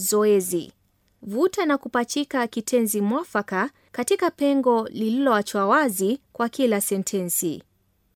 Zoezi: vuta na kupachika kitenzi mwafaka katika pengo lililoachwa wazi kwa kila sentensi.